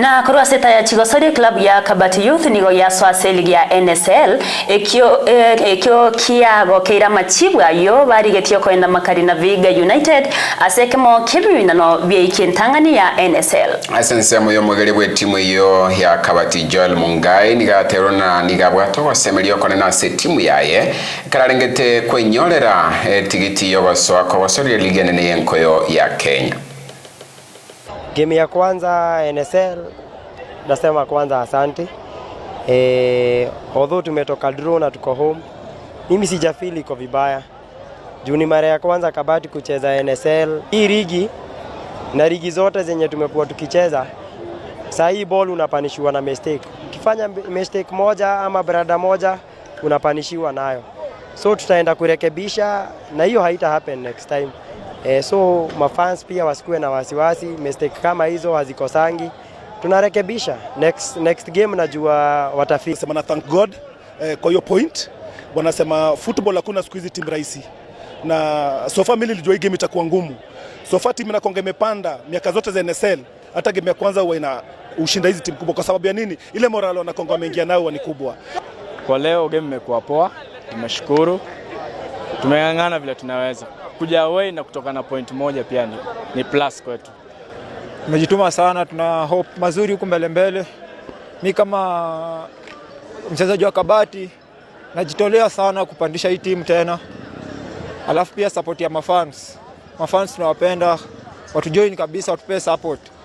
na korwa seta ya chigosori club ya kabati youth nigo yaswase ligi ya nsl ekio e, ekio kiagokeira machibwa yo getio koenda makari na viga united no kibinano byaiki entang'ani ya nsl asense amoyo mwegeri bwe timu iyo ya kabati joel mungai nigaterwo na nigabwatwo gosemerio kone se timu yaye kararengete kwenyorera e, tigiti yo ya ligene ligi yenko yo ya kenya Game ya kwanza NSL nasema kwanza asante e, although tumetoka draw na tuko home, mimi sijafili iko vibaya juu ni mara ya kwanza Kabati kucheza NSL hii rigi na rigi zote zenye tumekuwa tukicheza saa hii ball unapanishiwa na mistake. Ukifanya mistake moja ama brada moja unapanishiwa nayo, so tutaenda kurekebisha na hiyo haita happen next time. E, so mafans pia wasikuwe na wasiwasi, mistake kama hizo hazikosangi, tunarekebisha next, next game najua watafika. Sema na thank God eh, kwa hiyo point. Wanasema football hakuna siku hizi timu rahisi, na sofa mimi nilijua hii game itakuwa ngumu. Sofa timu inakonga imepanda miaka zote za NSL, hata game ya kwanza huwa ina ushinda hizi timu kubwa. Kwa sababu ya nini? Ile morale wanakonga wameingia nayo ni kubwa. Kwa leo game imekuwa poa, tumeshukuru, tumeng'ang'ana vile tunaweza kuja away na kutoka na point moja pia ni, ni plus kwetu. Tumejituma sana, tuna hope mazuri huku mbele mbele. Mi kama mchezaji wa kabati najitolea sana kupandisha hii timu tena, alafu pia support ya mafans. Mafans tunawapenda, watujoin kabisa, watupee support.